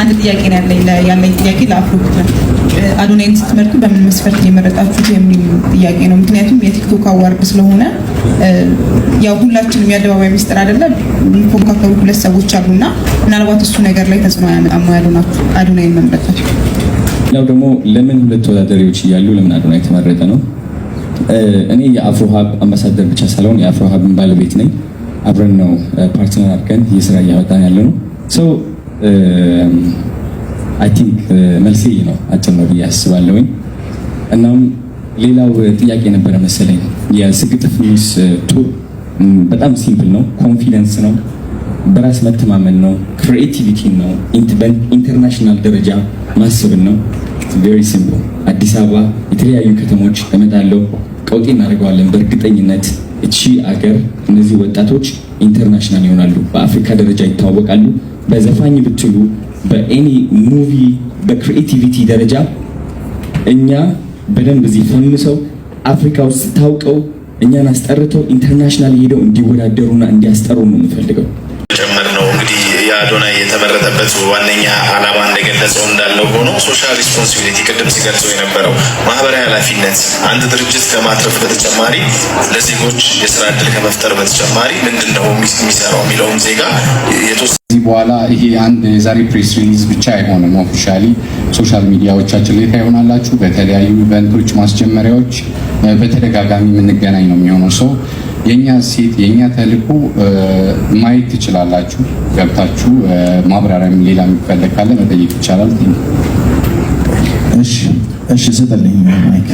አንድ ጥያቄ ነው ያለኝ። ያለኝ ጥያቄ ለአፍሮ ቡድን አዶናይን ስትመርጡ በምን መስፈርት የመረጣችሁት የሚል ጥያቄ ነው። ምክንያቱም የቲክቶክ አዋርድ ስለሆነ ያው ሁላችንም የአደባባይ ሚስጥር አይደለ፣ የሚፎካከሩ ሁለት ሰዎች አሉና ምናልባት እሱ ነገር ላይ ተጽዕኖ ያመጣሙ ያሉ አዶናይን መምረጣችሁ። ሌላው ደግሞ ለምን ሁለት ተወዳዳሪዎች እያሉ ለምን አዶናይ የተመረጠ ነው? እኔ የአፍሮ ሀብ አምባሳደር ብቻ ሳልሆን የአፍሮ ሀብን ባለቤት ነኝ። አብረን ነው ፓርትነር አድርገን የስራ እያመጣን ያለ ነው። አይ ቲንክ መልሴ ነው፣ አጭር ነው ብዬ አስባለሁኝ። እናም ሌላው ጥያቄ ነበረ መሰለኝ። የስግጥፍ ኒውስ ቱር በጣም ሲምፕል ነው። ኮንፊደንስ ነው፣ በራስ መተማመን ነው፣ ክሪኤቲቪቲ ነው፣ ኢንተርናሽናል ደረጃ ማሰብን ነው። ቬሪ ሲምፕል። አዲስ አበባ የተለያዩ ከተሞች እመጣለሁ፣ ቀውጤ እናደርገዋለን። በእርግጠኝነት እቺ አገር እነዚህ ወጣቶች ኢንተርናሽናል ይሆናሉ፣ በአፍሪካ ደረጃ ይታወቃሉ። በዘፋኝ ብትሉ በኤኒ ሙቪ በክሪኤቲቪቲ ደረጃ እኛ በደንብ እዚህ ፈምሰው አፍሪካ ውስጥ ታውቀው እኛን አስጠርተው ኢንተርናሽናል ሄደው እንዲወዳደሩና እንዲያስጠሩ ነው የምፈልገው። አዶና የተመረጠበት ዋነኛ አላማ እንደገለጸው እንዳለው ሆኖ ሶሻል ሪስፖንሲቢሊቲ ቅድም ሲገልጸው የነበረው ማህበራዊ ኃላፊነት አንድ ድርጅት ከማትረፍ በተጨማሪ ለዜጎች የስራ እድል ከመፍጠር በተጨማሪ ምንድን ነው የሚሰራው የሚለውም ዜጋ ከዚህ በኋላ ይሄ አንድ የዛሬ ፕሬስ ሪሊዝ ብቻ አይሆንም። ኦፊሻሊ ሶሻል ሚዲያዎቻችን ላይ ታይሆናላችሁ። በተለያዩ ኢቨንቶች ማስጀመሪያዎች በተደጋጋሚ የምንገናኝ ነው የሚሆነው ሰው የእኛ ሴት የእኛ ተልእኮ ማየት ትችላላችሁ። ገብታችሁ ማብራሪያም ሌላ የሚፈለግ ካለ መጠየቅ ይቻላል። እሺ እሺ፣ ስጥልኝ ማይክ